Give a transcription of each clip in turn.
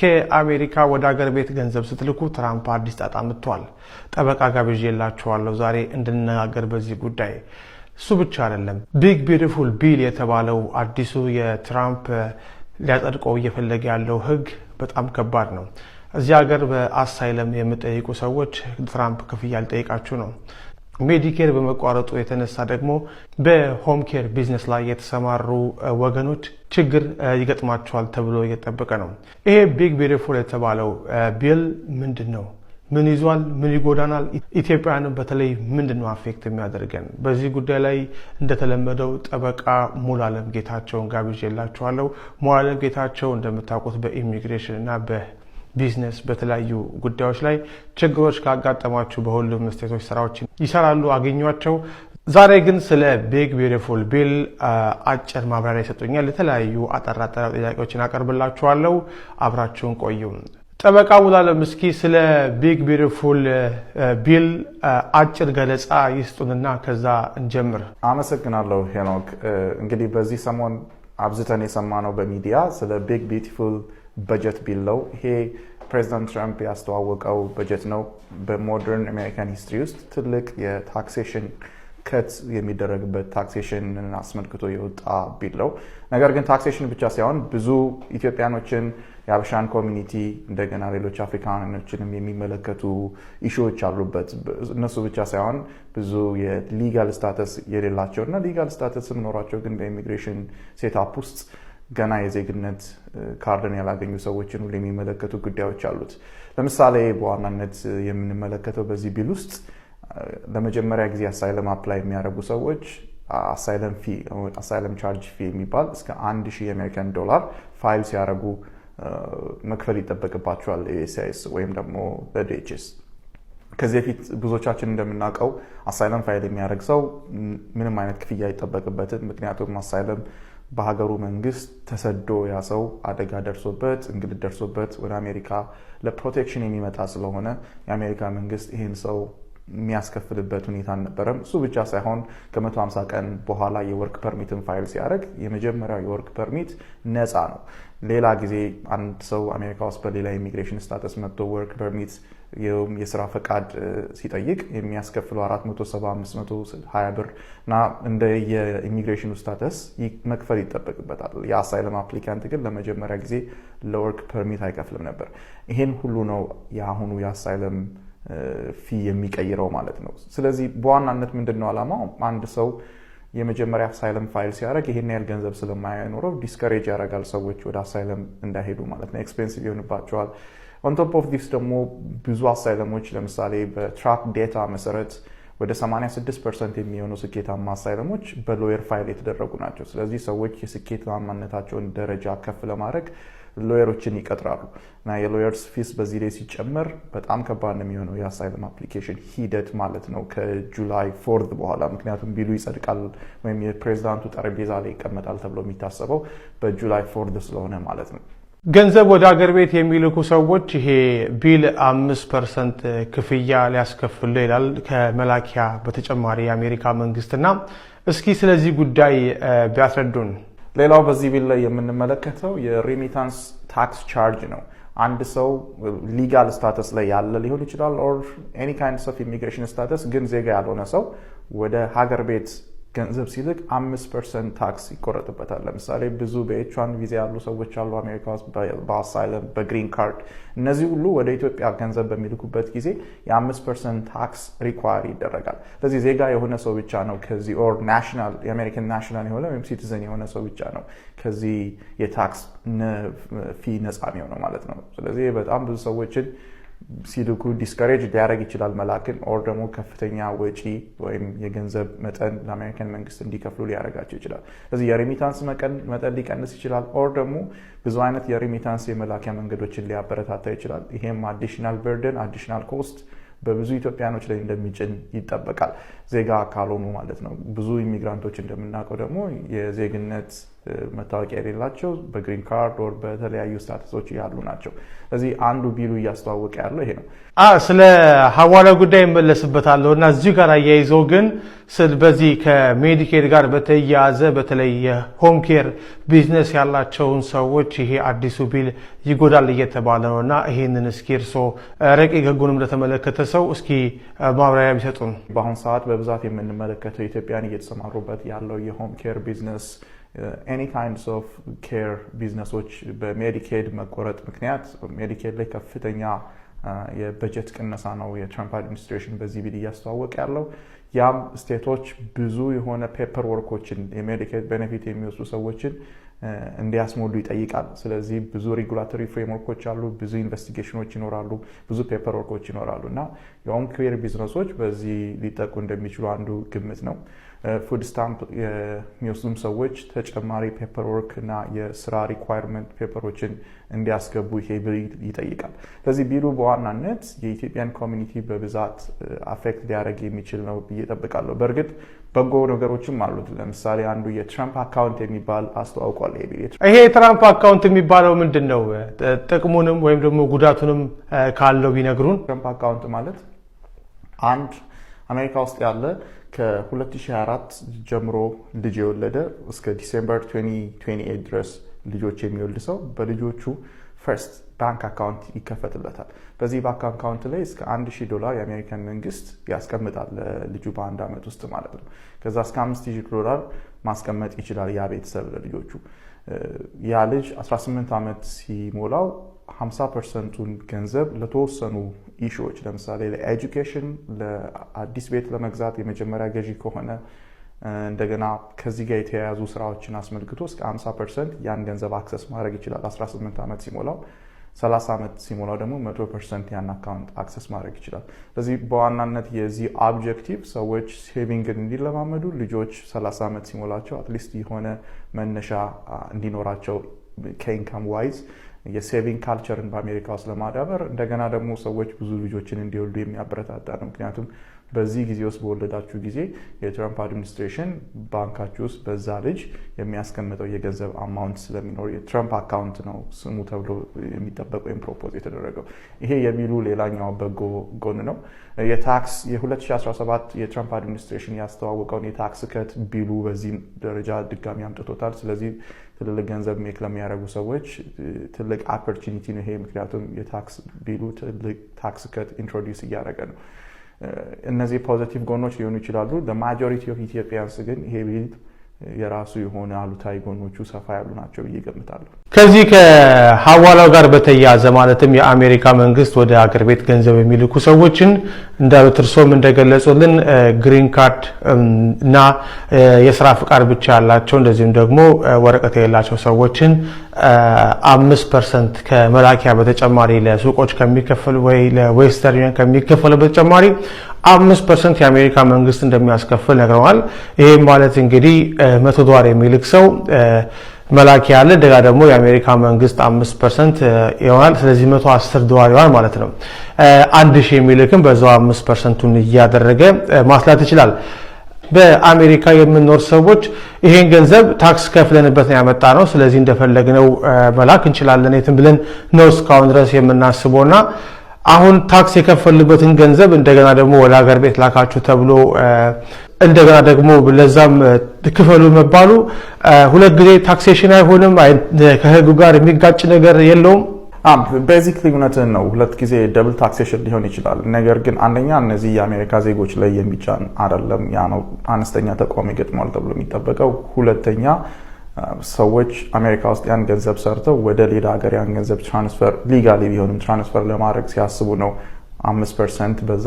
ከአሜሪካ ወደ አገር ቤት ገንዘብ ስትልኩ ትራምፕ አዲስ ጣጣ ምጥቷል። ጠበቃ ጋብዤላችኋለሁ ዛሬ እንድንነጋገር በዚህ ጉዳይ። እሱ ብቻ አይደለም፣ ቢግ ቢዩቲፉል ቢል የተባለው አዲሱ የትራምፕ ሊያጸድቀው እየፈለገ ያለው ህግ በጣም ከባድ ነው። እዚህ ሀገር በአሳይለም የምጠይቁ ሰዎች ትራምፕ ክፍያ ሊጠይቃችሁ ነው። ሜዲኬር በመቋረጡ የተነሳ ደግሞ በሆም ኬር ቢዝነስ ላይ የተሰማሩ ወገኖች ችግር ይገጥማቸዋል ተብሎ እየተጠበቀ ነው። ይሄ ቢግ ቢዩቲፉል የተባለው ቢል ምንድን ነው? ምን ይዟል? ምን ይጎዳናል? ኢትዮጵያውያንም በተለይ ምንድን ነው አፌክት የሚያደርገን? በዚህ ጉዳይ ላይ እንደተለመደው ጠበቃ ሙሉዓለም ጌታቸውን ጋብዤላችኋለሁ። ሙሉዓለም ጌታቸው እንደምታውቁት በኢሚግሬሽን እና ቢዝነስ፣ በተለያዩ ጉዳዮች ላይ ችግሮች ካጋጠሟችሁ በሁሉም ስቴቶች ስራዎችን ይሰራሉ፣ አገኟቸው። ዛሬ ግን ስለ ቢግ ቢዩቲፉል ቢል አጭር ማብራሪያ ይሰጡኛል። የተለያዩ አጠር አጠር ጥያቄዎችን አቀርብላችኋለሁ። አብራችሁን ቆዩ። ጠበቃ ሙሉዓለም እስኪ ስለ ቢግ ቢዩቲፉል ቢል አጭር ገለጻ ይስጡንና ከዛ እንጀምር። አመሰግናለሁ ሄኖክ። እንግዲህ በዚህ ሰሞን አብዝተን የሰማነው በሚዲያ ስለ ቢግ ቢዩቲፉል በጀት ቢለው ይሄ ፕሬዚዳንት ትራምፕ ያስተዋወቀው በጀት ነው። በሞደርን አሜሪካን ሂስትሪ ውስጥ ትልቅ የታክሴሽን ከት የሚደረግበት ታክሴሽንን አስመልክቶ የወጣ ቢለው ነገር ግን ታክሴሽን ብቻ ሳይሆን ብዙ ኢትዮጵያኖችን የአበሻን ኮሚኒቲ እንደገና ሌሎች አፍሪካኖችንም የሚመለከቱ ኢሹዎች አሉበት። እነሱ ብቻ ሳይሆን ብዙ የሊጋል ስታተስ የሌላቸው እና ሊጋል ስታተስ ኖሯቸው ግን በኢሚግሬሽን ሴት ውስጥ ገና የዜግነት ካርድን ያላገኙ ሰዎችን ሁሉ የሚመለከቱ ጉዳዮች አሉት። ለምሳሌ በዋናነት የምንመለከተው በዚህ ቢል ውስጥ ለመጀመሪያ ጊዜ አሳይለም አፕላይ የሚያደረጉ ሰዎች አሳይለም ፊ አሳይለም ቻርጅ ፊ የሚባል እስከ 1000 የአሜሪካን ዶላር ፋይል ሲያደርጉ መክፈል ይጠበቅባቸዋል ኤስይስ ወይም ደግሞ በዴችስ ከዚህ በፊት ብዙዎቻችን እንደምናውቀው አሳይለም ፋይል የሚያደረግ ሰው ምንም አይነት ክፍያ አይጠበቅበትም። ምክንያቱም አሳይለም በሀገሩ መንግስት ተሰዶ ያ ሰው አደጋ ደርሶበት እንግልት ደርሶበት ወደ አሜሪካ ለፕሮቴክሽን የሚመጣ ስለሆነ የአሜሪካ መንግስት ይህን ሰው የሚያስከፍልበት ሁኔታ አልነበረም። እሱ ብቻ ሳይሆን ከ150 ቀን በኋላ የወርክ ፐርሚትን ፋይል ሲያደርግ የመጀመሪያው የወርክ ፐርሚት ነፃ ነው። ሌላ ጊዜ አንድ ሰው አሜሪካ ውስጥ በሌላ ኢሚግሬሽን ስታተስ መጥቶ ወርክ ፐርሚት የስራ ፈቃድ ሲጠይቅ የሚያስከፍለው 4752 ብር እና እንደ የኢሚግሬሽን ስታተስ መክፈል ይጠበቅበታል። የአሳይለም አፕሊካንት ግን ለመጀመሪያ ጊዜ ለወርክ ፐርሚት አይከፍልም ነበር። ይሄን ሁሉ ነው የአሁኑ የአሳይለም ፊ የሚቀይረው ማለት ነው። ስለዚህ በዋናነት ምንድን ነው ዓላማው? አንድ ሰው የመጀመሪያ አሳይለም ፋይል ሲያደርግ ይሄን ያህል ገንዘብ ስለማይኖረው ዲስከሬጅ ያደርጋል ሰዎች ወደ አሳይለም እንዳይሄዱ ማለት ነው። ኤክስፔንሲቭ ይሆንባቸዋል ኦን ቶፕ ኦፍ ዲስ ደግሞ ብዙ አሳይለሞች ለምሳሌ በትራክ ዴታ መሰረት ወደ 86 ፐርሰንት የሚሆኑ ስኬታማ አሳይለሞች በሎየር ፋይል የተደረጉ ናቸው። ስለዚህ ሰዎች የስኬታማነታቸውን ደረጃ ከፍ ለማድረግ ሎየሮችን ይቀጥራሉ እና የሎየርስ ፊስ በዚህ ላይ ሲጨመር በጣም ከባድ ነው የሚሆነው የአሳይለም አፕሊኬሽን ሂደት ማለት ነው ከጁላይ ፎርዝ በኋላ። ምክንያቱም ቢሉ ይጸድቃል ወይም የፕሬዚዳንቱ ጠረጴዛ ላይ ይቀመጣል ተብሎ የሚታሰበው በጁላይ ፎርዝ ስለሆነ ማለት ነው። ገንዘብ ወደ አገር ቤት የሚልኩ ሰዎች ይሄ ቢል አምስት ፐርሰንት ክፍያ ሊያስከፍሉ ይላል ከመላኪያ በተጨማሪ የአሜሪካ መንግስትና፣ እስኪ ስለዚህ ጉዳይ ቢያስረዱን። ሌላው በዚህ ቢል ላይ የምንመለከተው የሪሚታንስ ታክስ ቻርጅ ነው። አንድ ሰው ሊጋል ስታተስ ላይ ያለ ሊሆን ይችላል ኦር ካይንድ ኦፍ ኢሚግሬሽን ስታተስ፣ ግን ዜጋ ያልሆነ ሰው ወደ ሀገር ቤት ገንዘብ ሲልክ አምስት ፐርሰንት ታክስ ይቆረጥበታል። ለምሳሌ ብዙ በኤች ዋን ቪዛ ያሉ ሰዎች አሉ አሜሪካ ውስጥ በአሳይለም በግሪን ካርድ እነዚህ ሁሉ ወደ ኢትዮጵያ ገንዘብ በሚልኩበት ጊዜ የአምስት ፐርሰንት ታክስ ሪኳየር ይደረጋል። ስለዚህ ዜጋ የሆነ ሰው ብቻ ነው ከዚህ ኦር ናሽናል የአሜሪካን ናሽናል የሆነ ወይም ሲቲዘን የሆነ ሰው ብቻ ነው ከዚህ የታክስ ፊ ነፃ የሚሆነው ማለት ነው። ስለዚህ በጣም ብዙ ሰዎችን ሲልኩ ዲስካሬጅ ሊያደረግ ይችላል መላክን ኦር ደግሞ ከፍተኛ ወጪ ወይም የገንዘብ መጠን ለአሜሪካን መንግስት እንዲከፍሉ ሊያደርጋቸው ይችላል። ስለዚህ የሪሚታንስ መጠን ሊቀንስ ይችላል ኦር ደግሞ ብዙ አይነት የሪሚታንስ የመላኪያ መንገዶችን ሊያበረታታ ይችላል። ይሄም አዲሽናል በርደን አዲሽናል ኮስት በብዙ ኢትዮጵያኖች ላይ እንደሚጭን ይጠበቃል፣ ዜጋ ካልሆኑ ማለት ነው። ብዙ ኢሚግራንቶች እንደምናውቀው ደግሞ የዜግነት መታወቂያ የሌላቸው በግሪን ካርድ ወር በተለያዩ ስታተሶች ያሉ ናቸው። ስለዚህ አንዱ ቢሉ እያስተዋወቀ ያለው ይሄ ነው። ስለ ሀዋለ ጉዳይ እመለስበታለሁ እና እዚሁ ጋር አያይዘው ግን በዚህ ከሜዲኬድ ጋር በተያያዘ በተለይ የሆም ኬር ቢዝነስ ያላቸውን ሰዎች ይሄ አዲሱ ቢል ይጎዳል እየተባለ ነው እና ይህንን እስኪ እርሶ ረቂ ሕጉን እንደተመለከተ ሰው እስኪ ማብራሪያ ቢሰጡን። በአሁኑ ሰዓት በብዛት የምንመለከተው ኢትዮጵያን እየተሰማሩበት ያለው የሆም ኬር ቢዝነስ ኤኒ ካይንድስ ኦፍ ኬር ቢዝነሶች በሜዲኬድ መቆረጥ ምክንያት ሜዲኬድ ላይ ከፍተኛ uh, የበጀት ቅነሳ ነው የትራምፕ አድሚኒስትሬሽን በዚህ ቢል እያስተዋወቀ ያለው። ያም ስቴቶች ብዙ የሆነ ፔፐር ወርኮችን የሜዲኬድ ቤኔፊት የሚወስዱ ሰዎችን እንዲያስሞሉ ይጠይቃል። ስለዚህ ብዙ ሬጉላቶሪ ፍሬምወርኮች አሉ፣ ብዙ ኢንቨስቲጌሽኖች ይኖራሉ፣ ብዙ ፔፐር ወርኮች ይኖራሉ እና የሆም ኬር ቢዝነሶች በዚህ ሊጠቁ እንደሚችሉ አንዱ ግምት ነው። ፉድ ስታምፕ የሚወስዱም ሰዎች ተጨማሪ ፔፐር ወርክ እና የስራ ሪኳየርመንት ፔፐሮችን እንዲያስገቡ ይሄ ቢል ይጠይቃል። ስለዚህ ቢሉ በዋናነት የኢትዮጵያን ኮሚኒቲ በብዛት አፌክት ሊያደርግ የሚችል ነው ብዬ እጠብቃለሁ። በእርግጥ በጎ ነገሮችም አሉት። ለምሳሌ አንዱ የትራምፕ አካውንት የሚባል አስተዋውቋል። ይሄ የትራምፕ አካውንት የሚባለው ምንድን ነው? ጥቅሙንም ወይም ደግሞ ጉዳቱንም ካለው ቢነግሩን። ትራምፕ አካውንት ማለት አንድ አሜሪካ ውስጥ ያለ ከ2024 ጀምሮ ልጅ የወለደ እስከ ዲሴምበር 2028 ድረስ ልጆች የሚወልድ ሰው በልጆቹ ፈርስት ባንክ አካውንት ይከፈትለታል። በዚህ ባንክ አካውንት ላይ እስከ አንድ ሺ ዶላር የአሜሪካን መንግስት ያስቀምጣል ልጁ በአንድ ዓመት ውስጥ ማለት ነው። ከዛ እስከ አምስት ሺህ ዶላር ማስቀመጥ ይችላል ያ ቤተሰብ ለልጆቹ። ያ ልጅ 18 ዓመት ሲሞላው 50 ፐርሰንቱን ገንዘብ ለተወሰኑ ኢሹዎች ለምሳሌ ለኤጁኬሽን፣ ለአዲስ ቤት ለመግዛት የመጀመሪያ ገዢ ከሆነ እንደገና ከዚህ ጋር የተያያዙ ስራዎችን አስመልክቶ እስከ 50 ያን ገንዘብ አክሰስ ማድረግ ይችላል 18 ዓመት ሲሞላው 30 ዓመት ሲሞላው ደግሞ 100 ፐርሰንት ያን አካውንት አክሰስ ማድረግ ይችላል። ስለዚህ በዋናነት የዚህ ኦብጀክቲቭ ሰዎች ሴቪንግን እንዲለማመዱ ልጆች 30 ዓመት ሲሞላቸው አትሊስት የሆነ መነሻ እንዲኖራቸው ከኢንካም ዋይዝ የሴቪንግ ካልቸርን በአሜሪካ ውስጥ ለማዳበር እንደገና ደግሞ ሰዎች ብዙ ልጆችን እንዲወልዱ የሚያበረታታ ነው። ምክንያቱም በዚህ ጊዜ ውስጥ በወለዳችሁ ጊዜ የትራምፕ አድሚኒስትሬሽን ባንካችሁ ውስጥ በዛ ልጅ የሚያስቀምጠው የገንዘብ አማውንት ስለሚኖር የትራምፕ አካውንት ነው ስሙ ተብሎ የሚጠበቅ ወይም ፕሮፖዝ የተደረገው ይሄ የሚሉ ሌላኛው በጎ ጎን ነው። የታክስ የ2017 የትራምፕ አድሚኒስትሬሽን ያስተዋወቀውን የታክስ ከት ቢሉ በዚህ ደረጃ ድጋሚ አምጥቶታል። ስለዚህ ትልልቅ ገንዘብ ሜክ ለሚያደረጉ ሰዎች ትልቅ ኦፖርቹኒቲ ነው ይሄ። ምክንያቱም የታክስ ቢሉ ትልቅ ታክስ ከት ኢንትሮዲስ እያደረገ ነው። እነዚህ ፖዘቲቭ ጎኖች ሊሆኑ ይችላሉ። ማጆሪቲ ኦፍ ኢትዮጵያንስ ግን ይሄ ቢልድ የራሱ የሆነ አሉታዊ ጎኖቹ ሰፋ ያሉ ናቸው ብዬ እገምታለሁ። ከዚህ ከሀዋላው ጋር በተያያዘ ማለትም የአሜሪካ መንግስት ወደ አገር ቤት ገንዘብ የሚልኩ ሰዎችን እንዳሉት እርሶም እንደገለጹልን ግሪን ካርድ እና የስራ ፍቃድ ብቻ ያላቸው እንደዚሁም ደግሞ ወረቀት የሌላቸው ሰዎችን አምስት ፐርሰንት ከመላኪያ በተጨማሪ ለሱቆች ከሚከፈሉ ወይ ለዌስተርን ከሚከፈሉ በተጨማሪ አምስት ፐርሰንት የአሜሪካ መንግስት እንደሚያስከፍል ነግረዋል። ይህም ማለት እንግዲህ መቶ ዶላር የሚልክ ሰው መላክ ያለ ደጋ ደግሞ የአሜሪካ መንግስት አምስት ፐርሰንት ይሆናል። ስለዚህ መቶ አስር ዶላር ይሆናል ማለት ነው። አንድ ሺህ የሚልክም በዛው አምስት ፐርሰንቱን እያደረገ ማስላት ይችላል። በአሜሪካ የምንኖር ሰዎች ይሄን ገንዘብ ታክስ ከፍለንበት ነው ያመጣ ነው። ስለዚህ እንደፈለግነው መላክ እንችላለን የትም ብለን ነው እስካሁን ድረስ የምናስበውና አሁን ታክስ የከፈልበትን ገንዘብ እንደገና ደግሞ ወደ ሀገር ቤት ላካችሁ ተብሎ እንደገና ደግሞ ለዛም ክፈሉ መባሉ ሁለት ጊዜ ታክሴሽን አይሆንም። ከህጉ ጋር የሚጋጭ ነገር የለውም። ቤዚክ ልዩነትህን ነው። ሁለት ጊዜ ደብል ታክሴሽን ሊሆን ይችላል። ነገር ግን አንደኛ እነዚህ የአሜሪካ ዜጎች ላይ የሚጫን አይደለም። ያ ነው አነስተኛ ተቃውሞ ይገጥማል ተብሎ የሚጠበቀው። ሁለተኛ ሰዎች አሜሪካ ውስጥ ያን ገንዘብ ሰርተው ወደ ሌላ ሀገር ያን ገንዘብ ትራንስፈር ሊጋሊ ቢሆንም ትራንስፈር ለማድረግ ሲያስቡ ነው አምስት ፐርሰንት በዛ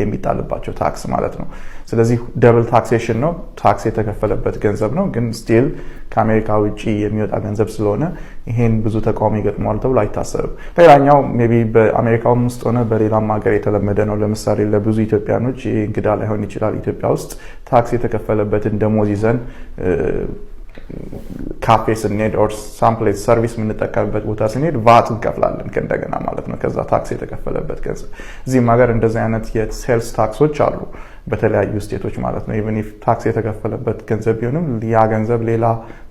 የሚጣልባቸው ታክስ ማለት ነው። ስለዚህ ደብል ታክሴሽን ነው። ታክስ የተከፈለበት ገንዘብ ነው፣ ግን ስቲል ከአሜሪካ ውጭ የሚወጣ ገንዘብ ስለሆነ ይሄን ብዙ ተቃውሞ ይገጥመዋል ተብሎ አይታሰብም። ሌላኛው ቢ በአሜሪካ ውስጥ ሆነ በሌላም ሀገር የተለመደ ነው። ለምሳሌ ለብዙ ኢትዮጵያኖች ይህ እንግዳ ላይሆን ይችላል። ኢትዮጵያ ውስጥ ታክስ የተከፈለበትን ደሞዝ ይዘን ካፌ ስንሄድ ኦር ሳምፕሌት ሰርቪስ የምንጠቀምበት ቦታ ስንሄድ ቫት እንከፍላለን ከእንደገና ማለት ነው። ከዛ ታክስ የተከፈለበት ገንዘብ እዚህም ሀገር እንደዚህ አይነት የሴልስ ታክሶች አሉ በተለያዩ ስቴቶች ማለት ነው። ኢቨን ታክስ የተከፈለበት ገንዘብ ቢሆንም ያ ገንዘብ ሌላ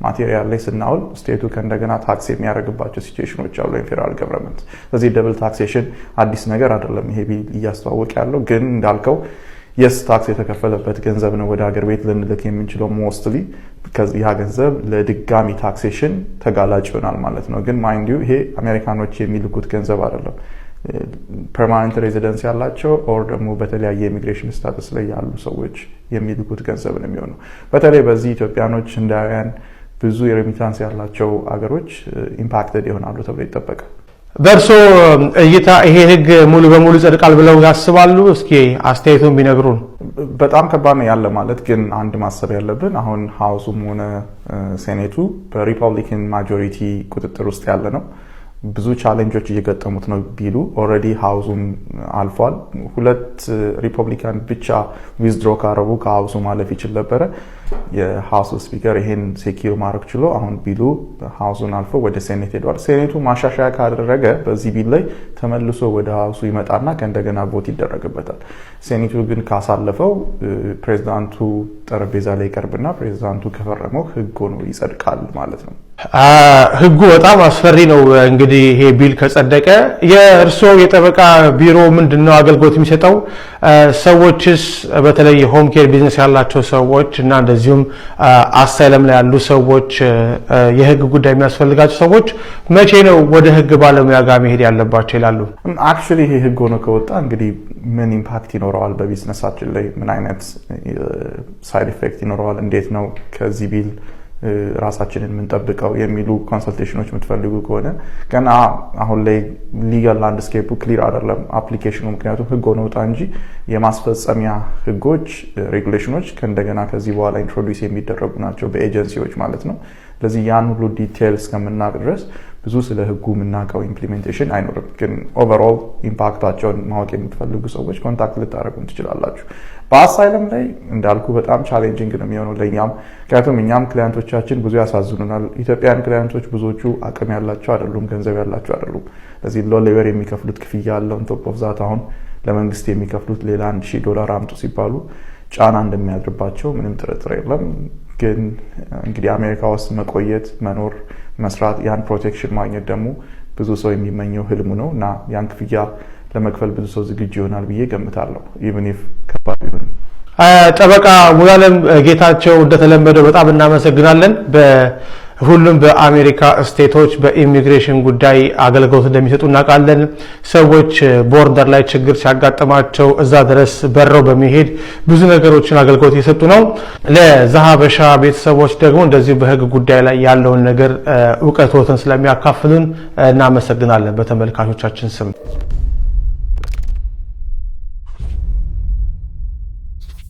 ማቴሪያል ላይ ስናውል ስቴቱ ከእንደገና ታክስ የሚያደርግባቸው ሲትዌሽኖች አሉ ፌደራል ገቨርንመንት። ስለዚህ ደብል ታክሴሽን አዲስ ነገር አይደለም። ይሄ ቢል እያስተዋወቅ ያለው ግን እንዳልከው የስ ታክስ የተከፈለበት ገንዘብ ነው ወደ ሀገር ቤት ልንልክ የምንችለው ሞስትሊ። ያ ገንዘብ ለድጋሚ ታክሴሽን ተጋላጭ ይሆናል ማለት ነው። ግን ማይንድ ዩ ይሄ አሜሪካኖች የሚልኩት ገንዘብ አይደለም። ፐርማነንት ሬዚደንስ ያላቸው ኦር ደግሞ በተለያየ ኢሚግሬሽን ስታትስ ላይ ያሉ ሰዎች የሚልኩት ገንዘብ ነው የሚሆነው። በተለይ በዚህ ኢትዮጵያኖች፣ ህንዳውያን ብዙ የሬሚታንስ ያላቸው አገሮች ኢምፓክትድ uh, ይሆናሉ ተብሎ ይጠበቃል። በእርሶ እይታ ይሄ ህግ ሙሉ በሙሉ ይጸድቃል ብለው ያስባሉ? እስኪ አስተያየቱን ቢነግሩን። በጣም ከባድ ነው ያለ ማለት ግን አንድ ማሰብ ያለብን አሁን ሀውሱም ሆነ ሴኔቱ በሪፐብሊካን ማጆሪቲ ቁጥጥር ውስጥ ያለ ነው። ብዙ ቻሌንጆች እየገጠሙት ነው ቢሉ ኦረዲ ሀውሱን አልፏል። ሁለት ሪፐብሊካን ብቻ ዊዝድሮ ካረቡ ከሀውሱ ማለፍ ይችል ነበረ። የሀውሱ ስፒከር ይሄን ሴኪር ማድረግ ችሎ አሁን ቢሉ ሀውሱን አልፎ ወደ ሴኔት ሄደዋል። ሴኔቱ ማሻሻያ ካደረገ በዚህ ቢል ላይ ተመልሶ ወደ ሀውሱ ይመጣና ከእንደገና ቮት ይደረግበታል። ሴኔቱ ግን ካሳለፈው ፕሬዚዳንቱ ጠረጴዛ ላይ ይቀርብና ፕሬዚዳንቱ ከፈረመው ህግ ሆኖ ይጸድቃል ማለት ነው። ህጉ በጣም አስፈሪ ነው። እንግዲህ ይሄ ቢል ከጸደቀ የእርስዎ የጠበቃ ቢሮ ምንድን ነው አገልግሎት የሚሰጠው? ሰዎችስ በተለይ ሆም ኬር ቢዝነስ ያላቸው ሰዎች እና እንደዚሁም አሳይለም ላይ ያሉ ሰዎች፣ የህግ ጉዳይ የሚያስፈልጋቸው ሰዎች መቼ ነው ወደ ህግ ባለሙያ ጋር መሄድ ያለባቸው ይላሉ? አክቹዋሊ ይሄ ህግ ሆኖ ከወጣ እንግዲህ ምን ኢምፓክት ይኖረዋል? በቢዝነሳችን ላይ ምን አይነት ሳይድ ኢፌክት ይኖረዋል? እንዴት ነው ከዚህ ቢል ራሳችንን የምንጠብቀው የሚሉ ኮንሰልቴሽኖች የምትፈልጉ ከሆነ ገና አሁን ላይ ሊጋል ላንድስኬፑ ክሊር አይደለም አፕሊኬሽኑ። ምክንያቱም ህግ ሆነ ውጣ እንጂ የማስፈጸሚያ ህጎች ሬጉሌሽኖች ከእንደገና ከዚህ በኋላ ኢንትሮዲስ የሚደረጉ ናቸው በኤጀንሲዎች ማለት ነው። ስለዚህ ያን ሁሉ ዲቴይል እስከምናቅ ድረስ ብዙ ስለ ህጉ የምናውቀው ኢምፕሊሜንቴሽን አይኖርም። ግን ኦቨርል ኢምፓክታቸውን ማወቅ የምትፈልጉ ሰዎች ኮንታክት ልታደረጉም ትችላላችሁ። በአሳይለም ላይ እንዳልኩ በጣም ቻሌንጂንግ ነው የሚሆነው ለእኛም፣ ምክንያቱም እኛም ክላያንቶቻችን ብዙ ያሳዝኑናል። ኢትዮጵያን ክላያንቶች ብዙዎቹ አቅም ያላቸው አይደሉም፣ ገንዘብ ያላቸው አይደሉም። ለዚህ ሌቨር የሚከፍሉት ክፍያ ያለውን ቶፕ ኦፍ ዛት አሁን ለመንግስት የሚከፍሉት ሌላ 1 ሺህ ዶላር አምጡ ሲባሉ ጫና እንደሚያድርባቸው ምንም ጥርጥር የለም። ግን እንግዲህ አሜሪካ ውስጥ መቆየት፣ መኖር፣ መስራት ያን ፕሮቴክሽን ማግኘት ደግሞ ብዙ ሰው የሚመኘው ህልሙ ነው እና ያን ክፍያ ለመክፈል ብዙ ሰው ዝግጁ ይሆናል ብዬ ገምታለሁ። ኢቨን ኢፍ ከባድ ቢሆንም። ጠበቃ ሙላለም ጌታቸው እንደተለመደው በጣም እናመሰግናለን። ሁሉም በአሜሪካ ስቴቶች በኢሚግሬሽን ጉዳይ አገልግሎት እንደሚሰጡ እናውቃለን። ሰዎች ቦርደር ላይ ችግር ሲያጋጥማቸው እዛ ድረስ በረው በመሄድ ብዙ ነገሮችን አገልግሎት እየሰጡ ነው። ለዛሀበሻ ቤተሰቦች ደግሞ እንደዚሁ በህግ ጉዳይ ላይ ያለውን ነገር እውቀትትን ስለሚያካፍሉን እናመሰግናለን በተመልካቾቻችን ስም